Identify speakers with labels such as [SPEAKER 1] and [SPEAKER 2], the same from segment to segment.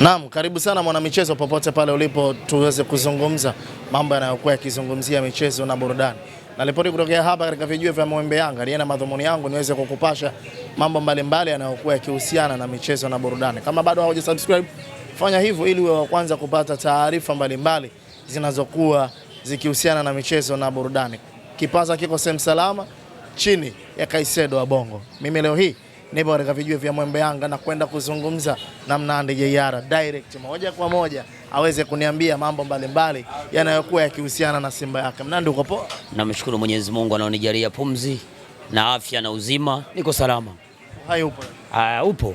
[SPEAKER 1] Naam, karibu sana mwanamichezo, popote pale ulipo, tuweze kuzungumza mambo yanayokuwa yakizungumzia michezo na burudani. Naripoti kutokea hapa katika vijiwe vya Mwembe Yanga, na madhumuni yangu niweze kukupasha mambo mbalimbali yanayokuwa yakihusiana na michezo na burudani. Kama bado subscribe, fanya hivyo ili uwe wa kwanza kupata taarifa mbalimbali zinazokuwa zikihusiana na michezo na burudani. Kipaza kiko sehemu salama chini ya Kaisedo wa Bongo. Mimi leo hii nipo katika vijiwe vya Mwembe Yanga na kwenda kuzungumza na Mnandi JR direct moja kwa moja aweze kuniambia mambo mbalimbali yanayokuwa yakihusiana na Simba yake.
[SPEAKER 2] Mnandi, uko poa? Namshukuru Mwenyezi Mungu anaonijalia pumzi na afya na uzima, niko salama. Hai upo? Aa, upo.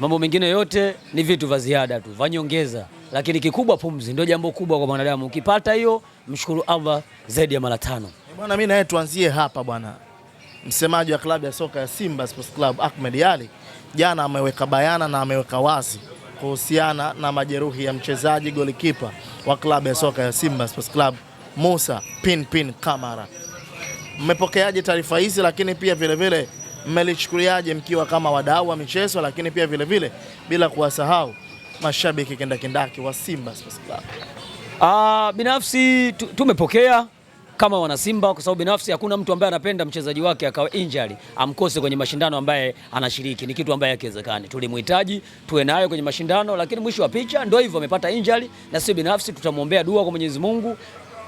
[SPEAKER 2] Mambo mengine yote ni vitu vya ziada tu, vya nyongeza, lakini kikubwa pumzi ndio jambo kubwa kwa mwanadamu. Ukipata hiyo, mshukuru Allah zaidi ya mara tano.
[SPEAKER 1] Bwana, mimi naye tuanzie hapa bwana. Msemaji wa klabu ya soka ya Simba Sports Club Ahmed Ally jana ameweka bayana na ameweka wazi kuhusiana na majeruhi ya mchezaji golikipa wa klabu ya soka ya Simba Sports Club Musa Pinpin Kamara. Mmepokeaje taarifa hizi, lakini pia vilevile mmelichukuliaje mkiwa kama wadau wa michezo, lakini pia vilevile vile, bila kuwasahau mashabiki kendakendaki wa Simba Sports Club?
[SPEAKER 2] Ah, binafsi tumepokea kama wanasimba, kwa sababu binafsi hakuna mtu ambaye anapenda mchezaji wake akawa injury amkose kwenye mashindano ambaye anashiriki. Ni kitu ambaye hakiwezekani. Tulimhitaji tuwe nayo kwenye mashindano, lakini mwisho wa picha ndio hivyo, amepata injury, na sisi binafsi tutamwombea dua kwa Mwenyezi Mungu,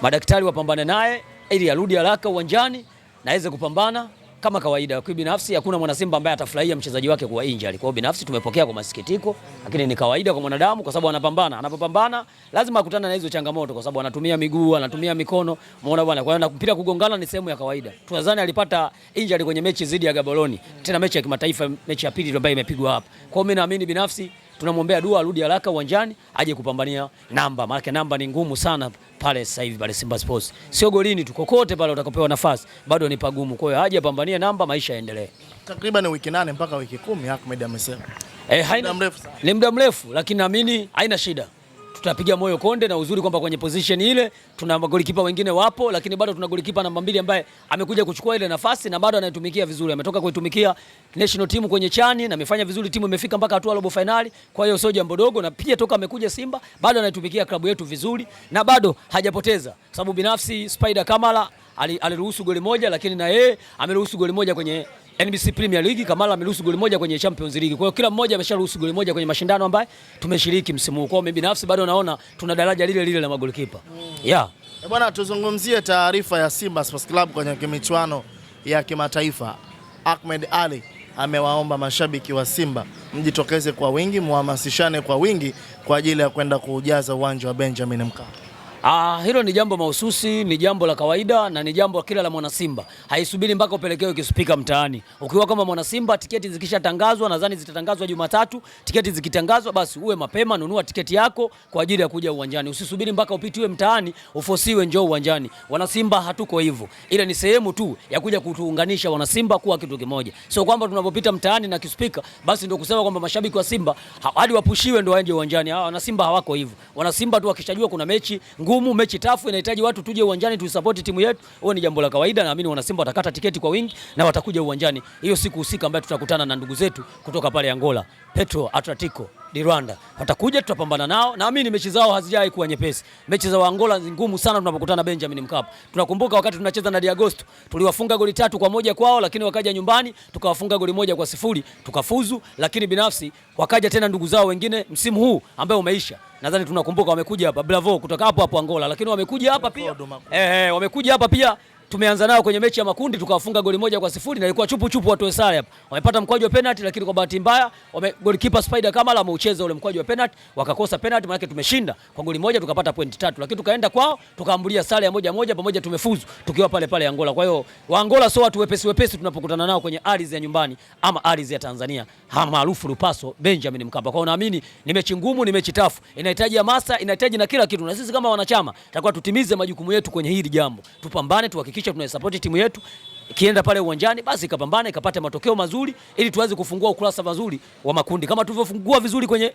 [SPEAKER 2] madaktari wapambane naye ili arudi haraka uwanjani na aweze kupambana kama kawaida. Kwa binafsi hakuna mwana Simba ambaye atafurahia mchezaji wake kuwa injury. Kwa binafsi tumepokea kwa masikitiko, lakini ni kawaida kwa mwanadamu kwa sababu anapambana. Anapopambana lazima akutane na hizo changamoto kwa sababu anatumia miguu, anatumia mikono. Umeona bwana. Kwa hiyo mpira kugongana ni sehemu ya kawaida. Tuzani alipata injury kwenye mechi dhidi ya Gaborone, tena mechi ya kimataifa, mechi ya pili ambayo imepigwa hapa. Kwa hiyo mimi naamini binafsi tunamwombea dua arudi haraka uwanjani aje kupambania namba, maana namba ni ngumu sana pale sasa hivi pale Simba Sports, sio golini tu, kokote pale utakopewa nafasi bado ni pagumu. Kwa hiyo haja pambanie namba, maisha yaendelee.
[SPEAKER 1] Takriban wiki nane mpaka wiki kumi Ahmed amesema
[SPEAKER 2] eh, haina mrefu, ni muda mrefu, lakini naamini haina shida tutapiga moyo Konde na uzuri kwamba kwenye position ile tuna magolikipa wengine wapo, lakini bado tuna golikipa namba mbili ambaye amekuja kuchukua ile nafasi na bado anaitumikia vizuri. Ametoka kuitumikia national team kwenye chani na amefanya vizuri, timu imefika mpaka hatua robo finali. Kwa hiyo sio jambo dogo, na pia toka amekuja Simba bado anaitumikia klabu yetu vizuri na bado hajapoteza, sababu binafsi Spider Kamala aliruhusu goli moja, lakini na yeye ameruhusu goli moja kwenye NBC yaani Premier League Kamala ameruhusu goli moja kwenye Champions League. Kwa hiyo kila mmoja amesharuhusu goli moja kwenye mashindano ambayo tumeshiriki msimu huu. Kwa hiyo mimi binafsi bado naona tuna daraja lile lile la magolikipa.
[SPEAKER 1] Mm. Yeah. Eh, bwana tuzungumzie taarifa ya Simba Sports Club kwenye michuano ya kimataifa. Ahmed ali amewaomba mashabiki wa Simba mjitokeze kwa wingi, muhamasishane kwa wingi kwa ajili ya kwenda kuujaza uwanja wa Benjamin Mkapa.
[SPEAKER 2] Ah, hilo ni jambo mahususi, ni jambo la kawaida na ni jambo kila la mwana Simba. Haisubiri mpaka upelekewe kispika mtaani. Ukiwa kama mwana Simba, tiketi zikishatangazwa, nadhani zitatangazwa Jumatatu, tiketi zikitangazwa, basi uwe mapema, nunua tiketi yako kwa ajili ya kuja uwanjani. Usisubiri mpaka upitiwe mtaani, ufosiwe njoo uwanjani. Wana Simba hatuko hivyo. Ile ni sehemu tu ya kuja kutuunganisha wana Simba kuwa kitu kimoja. Sio kwamba tunapopita mtaani na kispika, basi ndio kusema kwamba mashabiki wa Simba hadi wapushiwe ndio waje uwanjani. Ah, wana Simba hawako hivyo. Wana Simba tu wakishajua kuna mechi ngumu ngumu, mechi tafu, inahitaji watu tuje uwanjani tusapoti timu yetu. Huo ni jambo la kawaida, naamini wana Simba watakata tiketi kwa wingi na watakuja uwanjani hiyo siku husika ambayo tutakutana na ndugu zetu kutoka pale Angola, Petro Atletico ni Rwanda. Watakuja tutapambana nao. Naamini mechi zao hazijai kuwa nyepesi. Mechi za Angola ni ngumu sana tunapokutana Benjamin Mkapa. Tunakumbuka wakati tunacheza na Diagosto, tuliwafunga goli tatu kwa moja kwao, lakini wakaja nyumbani tukawafunga goli moja kwa sifuri, tukafuzu, lakini binafsi wakaja tena ndugu zao wengine msimu huu ambao umeisha. Nadhani tunakumbuka wamekuja hapa Bravo kutoka hapo hapo Angola, lakini wamekuja hapa pia. Eh, eh, wamekuja hapa pia tumeanza nao kwenye mechi ya makundi tukawafunga goli moja kwa sifuri na ilikuwa chupu chupu, watoe sare hapa. Wamepata mkwaju wa penalty, lakini kwa bahati mbaya goalkeeper Spider Kamala ameucheza ule mkwaju wa penalty, wakakosa penalty, maana tumeshinda kwa goli moja tukapata point tatu, lakini tukaenda kwao tukaambulia sare ya moja moja, pamoja tumefuzu tukiwa pale pale Angola. Kwa hiyo wa Angola sio watu wepesi wepesi tunapokutana nao kwenye ardhi ya nyumbani ama ardhi ya Tanzania, maarufu Lupaso Benjamin Mkapa. Kwa hiyo naamini ni mechi ngumu, ni mechi tafu, inahitaji hamasa, inahitaji na kila kitu, na sisi kama wanachama tutakuwa tutimize majukumu yetu kwenye hili jambo, tupambane tu kuhakikisha tunaisapoti timu yetu ikienda pale uwanjani basi ikapambana ikapata matokeo mazuri ili tuweze kufungua ukurasa mazuri wa makundi kama tulivyofungua vizuri kwenye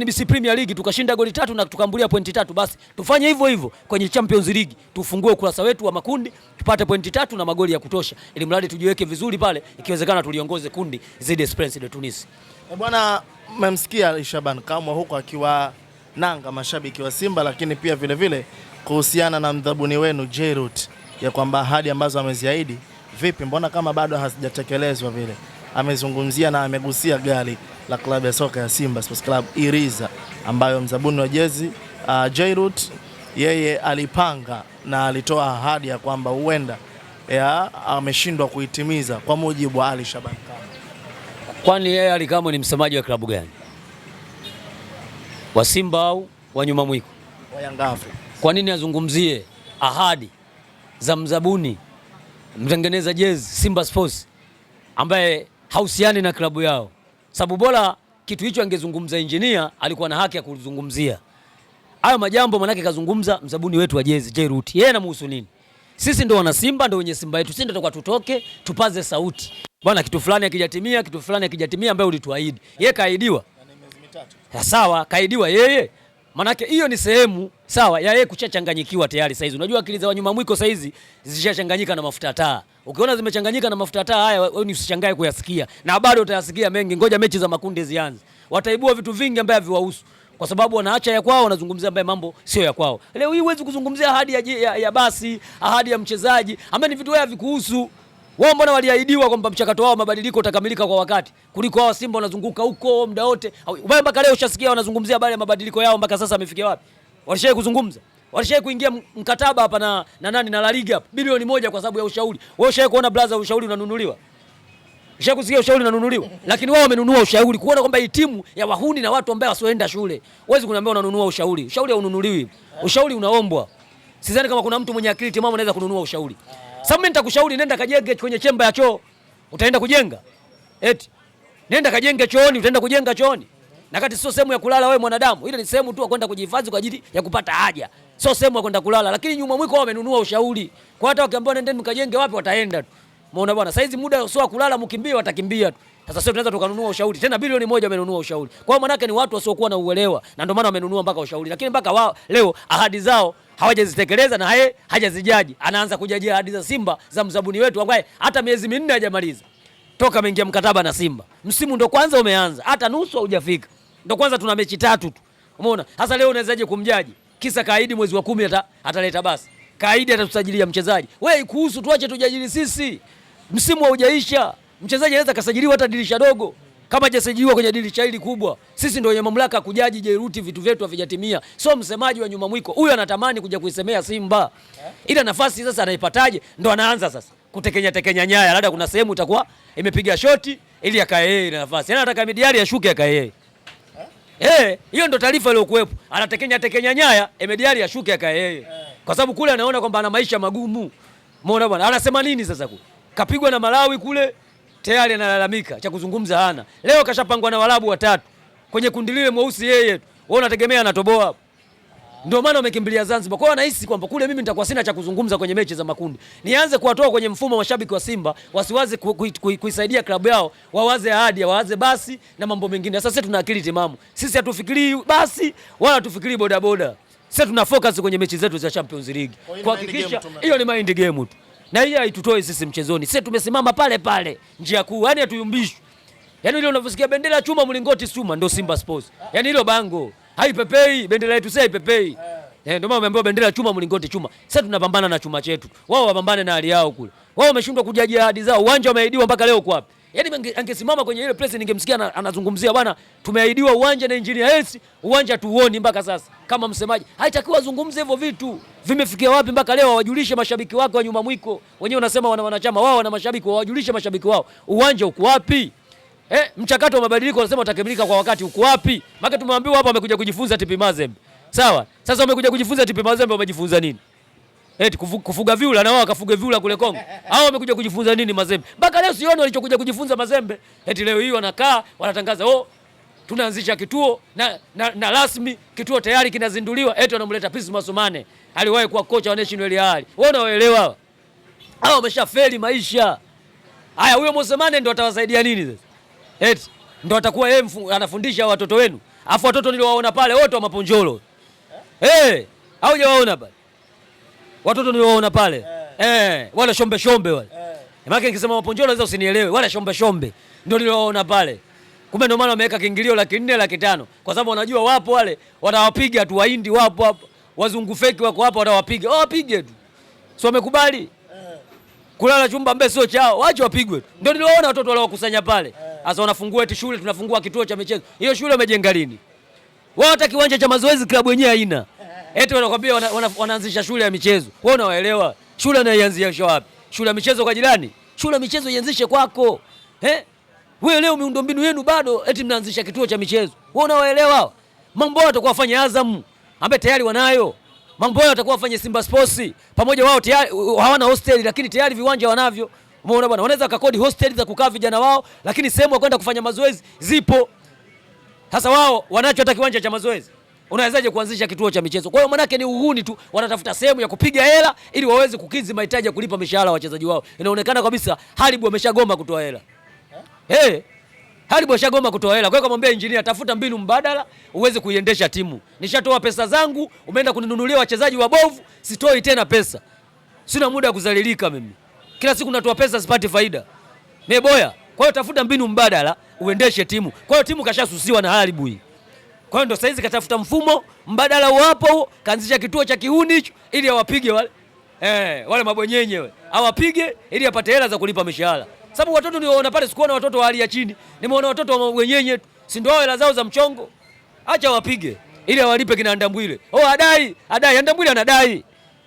[SPEAKER 2] NBC Premier League tukashinda goli tatu na tukambulia pointi tatu, basi tufanye hivyo hivyo kwenye Champions League, tufungue ukurasa wetu wa makundi tupate pointi tatu na magoli ya kutosha, ili mradi tujiweke vizuri pale, ikiwezekana tuliongoze kundi zidi Esperance de Tunis.
[SPEAKER 1] Eh, bwana, mmemsikia Ali Shaban Kamwe huko akiwa nanga mashabiki wa Simba, lakini pia vile vile kuhusiana na mdhabuni wenu Jerut ya kwamba ahadi ambazo ameziahidi vipi, mbona kama bado hazijatekelezwa vile. Amezungumzia na amegusia gari la klabu ya soka ya Simba Sports Club Iriza, ambayo mzabuni wa jezi uh, Jairut yeye alipanga na alitoa ahadi ya kwamba huenda ameshindwa kuitimiza kwa mujibu wa Ali Shaban Kamwe.
[SPEAKER 2] Kwani yeye Ali Kamwe ni msemaji wa klabu gani, wa Simba au wa nyuma mwiko
[SPEAKER 1] wa Yanga Afrika?
[SPEAKER 2] Kwa nini azungumzie ahadi za mzabuni mtengeneza jezi Simba Sports ambaye hausiani na klabu yao, sababu bora kitu hicho angezungumza injinia, alikuwa na haki ya kuzungumzia hayo majambo, manake kazungumza mzabuni wetu wa jezi Jerut. Yeye anamhusu nini? Sisi ndo wana Simba, ndo wenye Simba yetu, sisi ndo tutakuwa tutoke tupaze sauti bwana, kitu fulani akijatimia, kitu fulani akijatimia, ambaye ulituahidi. Yeye kaahidiwa na miezi mitatu, sawa, kaahidiwa yeye, manake hiyo ni sehemu sawa ya yeye kuchachanganyikiwa tayari saizi. Unajua akili za wanyuma mwiko saizi zishachanganyika na mafuta taa. Ukiona zimechanganyika na mafuta taa, haya wewe ni usishangae kuyasikia, na bado utayasikia mengi. Ngoja mechi za makundi zianze, wataibua vitu vingi ambavyo haviwahusu kwa sababu wanaacha ya kwao, wanazungumzia ambaye mambo sio ya kwao. Leo hii huwezi kuzungumzia ahadi ya, ya, ya basi, ahadi ya mchezaji ambaye ni vitu wewe havikuhusu wao. Mbona waliahidiwa kwamba mchakato wao mabadiliko utakamilika kwa wakati, kuliko hao Simba wanazunguka huko muda wote. Mpaka leo ushasikia wanazungumzia habari ya mabadiliko yao, mpaka sasa amefikia wapi? Walishai kuzungumza? Walishai kuingia mkataba hapa na, na nani na La Liga hapa bilioni moja kwa sababu ya ushauri. Wewe ushai kuona blaza ushauri unanunuliwa? Ushai kusikia ushauri unanunuliwa? Lakini wao wamenunua ushauri kuona kwamba hii timu ya wahuni na watu ambao wasioenda shule. Huwezi kuniambia unanunua ushauri. Ushauri haununuliwi. Ushauri unaombwa. Sidhani kama kuna mtu mwenye akili timamu anaweza kununua ushauri. Sasa mimi nitakushauri nenda kajenge kwenye chemba ya choo. Utaenda kujenga? Eti. Nenda kajenge chooni, utaenda kujenga chooni na kati sio sehemu ya kulala wewe mwanadamu, ile ni sehemu tu ya kwenda kujihifadhi kwa ajili ya kupata haja, sio sehemu ya kwenda kulala. Lakini nyuma mwiko wao wamenunua ushauri, kwa hata wakiambiwa nendeni mkajenge wapi, wataenda tu. Muona bwana, saizi muda sio kulala, mkimbie watakimbia tu. Sasa sio tunaweza tukanunua ushauri tena, bilioni moja wamenunua ushauri. Kwa hiyo manake ni watu wasiokuwa na uelewa, na ndio maana wamenunua mpaka ushauri, lakini mpaka wao leo ahadi zao hawajazitekeleza na haye hajazijaji, anaanza kujajia ahadi za Simba za mzabuni wetu ambaye hata miezi minne hajamaliza toka ameingia mkataba na Simba. Msimu ndio kwanza umeanza, hata nusu haujafika. Ndio kwanza tuna mechi tatu tu. Umeona? Sasa leo unawezaje kumjaji? Kisa kaidi mwezi wa kumi ata, ataleta basi. Kaidi atatusajilia mchezaji. Wewe ikuhusu tuache tujajili sisi. Msimu haujaisha. Mchezaji anaweza kasajiliwa hata dirisha dogo. Kama hajasajiliwa kwenye dirisha hili kubwa. Sisi ndio wenye mamlaka kujaji jeruti vitu vyetu havijatimia. Sio msemaji wa nyuma mwiko. Huyo anatamani kuja kuisemea Simba. Ila nafasi sasa anaipataje? Ndio anaanza sasa kutekenya tekenya nyaya. Labda kuna sehemu itakuwa imepiga shoti ili akae yeye nafasi. Yaani anataka midiari ashuke akae yeye. Eh, hiyo ndo taarifa iliyokuwepo. Anatekenya tekenya nyaya, Emediari ashuke akae yeye. Eh. Kwa sababu kule anaona kwamba ana maisha magumu. Muona bwana? Anasema nini sasa kule? Kapigwa na Malawi kule tayari analalamika, cha kuzungumza hana. Leo kashapangwa na Warabu watatu. Kwenye kundi lile mweusi yeye. Wewe unategemea anatoboa hapo ndio maana wamekimbilia Zanzibar. Kwa hiyo wanahisi kwamba kule mimi nitakuwa sina cha kuzungumza kwenye mechi za makundi, nianze kuwatoa kwenye mfumo wa mashabiki wa Simba wasiwaze kuisaidia klabu yao, wawaze ahadi, wawaze basi na mambo mengine. Sasa sisi tuna akili timamu sisi, hatufikirii basi wala hatufikirii bodaboda. sisi tuna focus kwenye mechi zetu za Champions League kuhakikisha hiyo ni mind game tu, na hii haitutoi sisi mchezoni. Sisi tumesimama pale pale njia kuu, yani hatuyumbishwi. Yani ile unavyosikia bendera chuma, mlingoti chuma, ndio Simba Sports, yani hilo bango haipepei bendera yetu, si haipepei yeah. Eh, ndio maana umeambiwa bendera chuma, mlingoti chuma. Sasa tunapambana na chuma chetu, wao wapambane na hali yao kule. Wao wameshindwa kujaji ahadi zao, uwanja umeahidiwa mpaka leo kwa wapi? Yaani angesimama kwenye ile press ningemsikia anazungumzia bwana, tumeahidiwa uwanja na engineer Hersi, uwanja tuoni mpaka sasa. Kama msemaji, haitakiwa azungumze hivyo vitu. Vimefikia wapi mpaka leo wawajulishe mashabiki wako wa nyuma mwiko. Wenyewe unasema wana wanachama wao na mashabiki wawajulishe mashabiki wao. Uwanja uko wapi? Eh, mchakato wa mabadiliko unasema utakamilika kwa wakati uko wapi? Maana tumeambiwa hapa wamekuja kujifunza TP Mazembe. Sawa? Sasa wamekuja kujifunza TP Mazembe wamejifunza nini? Eh, kufuga viula na wao wakafuga viula kule Kongo. Hao wamekuja kujifunza nini Mazembe? Mpaka leo sioni walichokuja kujifunza Mazembe. Eti leo hii wanakaa wanatangaza, "Oh, tunaanzisha kituo na, na, na rasmi kituo tayari kinazinduliwa." Eti wanamleta Pisi Masumane. Aliwahi kuwa kocha wa National Real. Wewe unaelewa? Hao wameshafeli maisha. Haya, huyo Masumane ndio atawasaidia nini sasa? eti ndo atakuwa yeye anafundisha watoto wenu, afu watoto niliowaona pale wote wa maponjolo eh? Hey, eh, haujawaona pale? watoto niliowaona pale eh? Hey, eh, wale shombe shombe wale eh. Maana nikisema maponjolo naweza usinielewe, wale shombe shombe ndio niliowaona pale. Kumbe ndio maana wameweka kiingilio laki nne laki tano kwa sababu wanajua wapo wale watawapiga tu, wahindi wapo hapo, wazungu feki wako hapo, watawapiga wawapige tu, si wamekubali eh. kulala chumba mbe sio chao, wache wapigwe tu. Ndio niliowaona watoto wale wakusanya pale. Sasa wanafungua eti shule tunafungua kituo cha michezo. Hiyo shule wamejenga lini? Wao hata kiwanja cha mazoezi klabu yenyewe haina. Eti wanakwambia wanaanzisha shule ya michezo. Wewe unawaelewa? Shule anaianzisha wapi? Shule ya michezo kwa jirani? Shule ya michezo ianzishe kwako. Eh? Wewe leo miundombinu yenu bado eti mnaanzisha kituo cha michezo. Wewe unawaelewa? Mambo yao watakuwa wafanye Azam ambaye tayari wanayo. Mambo yao atakuwa wafanye Simba Sports pamoja wao tayari hawana hosteli lakini tayari viwanja wanavyo. Umeona bwana, wanaweza wakakodi hostel za kukaa vijana wao, lakini sehemu ya kwenda kufanya mazoezi zipo. Sasa wao wanacho hata kiwanja cha mazoezi, unawezaje kuanzisha kituo cha michezo? Kwa hiyo manake ni uhuni tu, wanatafuta sehemu ya kupiga hela ili waweze kukidhi mahitaji ya kulipa mishahara wachezaji wao. Inaonekana kabisa Haribu ameshagoma kutoa hela eh, hey. Eh? Haribu ameshagoma kutoa hela. Kwa hiyo kamwambia engineer, tafuta mbinu mbadala uweze kuiendesha timu. Nishatoa pesa zangu, umeenda kuninunulia wachezaji wabovu, sitoi tena pesa, sina muda wa kuzalilika mimi. Kila siku natoa pesa sipate faida. Ni boya. Kwa hiyo tafuta mbinu mbadala uendeshe timu. Kwa hiyo timu kashasusiwa na haribu hii. Kwa hiyo ndo saizi katafuta mfumo mbadala uwapo, kaanzisha kituo cha kihuni hicho ili awapige wale eh, wale mabwenyenye wale. Awapige ili apate hela za kulipa mishahara. Sababu watoto niwaona pale, sikuona watoto wa hali ya chini. Nimeona watoto wa mabwenyenye, si ndio hela zao za mchongo. Acha wapige ili awalipe kina Ndambwile. Oh, adai, adai Ndambwile anadai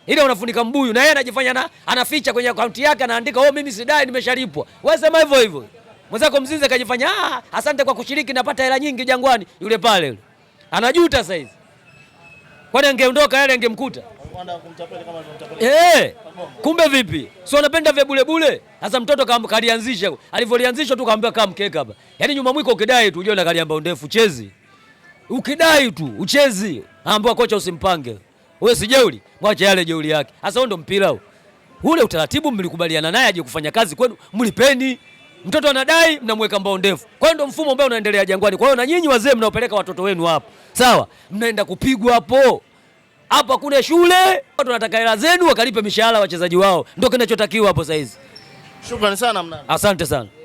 [SPEAKER 2] ile unafunika mbuyu, na yeye anajifanya na anaficha kwenye akaunti yake, anaandika oh, mimi sidai, nimeshalipwa. Wewe sema hivyo hivyo, mwenzako mzinze akajifanya ah, asante kwa kushiriki, napata hela nyingi Jangwani. Yule pale yule anajuta sasa hivi, kwani angeondoka yale angemkuta Eh, kumbe vipi? Si wanapenda vya bule bule. Sasa mtoto kama kalianzisha, alivyolianzisha tu kaambia kama mkeka hapa. Yaani nyuma mwiko ukidai tu ujiona kaliamba ndefu chezi. Ukidai tu uchezi, ambapo kocha usimpange wewe si jeuli, mwache yale jeuli yake. Sasa huo ndo mpira huo. Ule utaratibu mlikubaliana naye aje kufanya kazi kwenu, mlipeni. Mtoto anadai mnamweka mbao ndefu. Kwa hiyo ndo mfumo ambao unaendelea Jangwani. Kwa hiyo na nyinyi wazee mnaopeleka watoto wenu hapo, sawa, mnaenda kupigwa hapo. Hapo kuna shule, wanataka hela zenu wakalipe mishahara wachezaji wao, ndio kinachotakiwa hapo saizi.
[SPEAKER 1] Shukrani sana mnana.
[SPEAKER 2] Asante sana.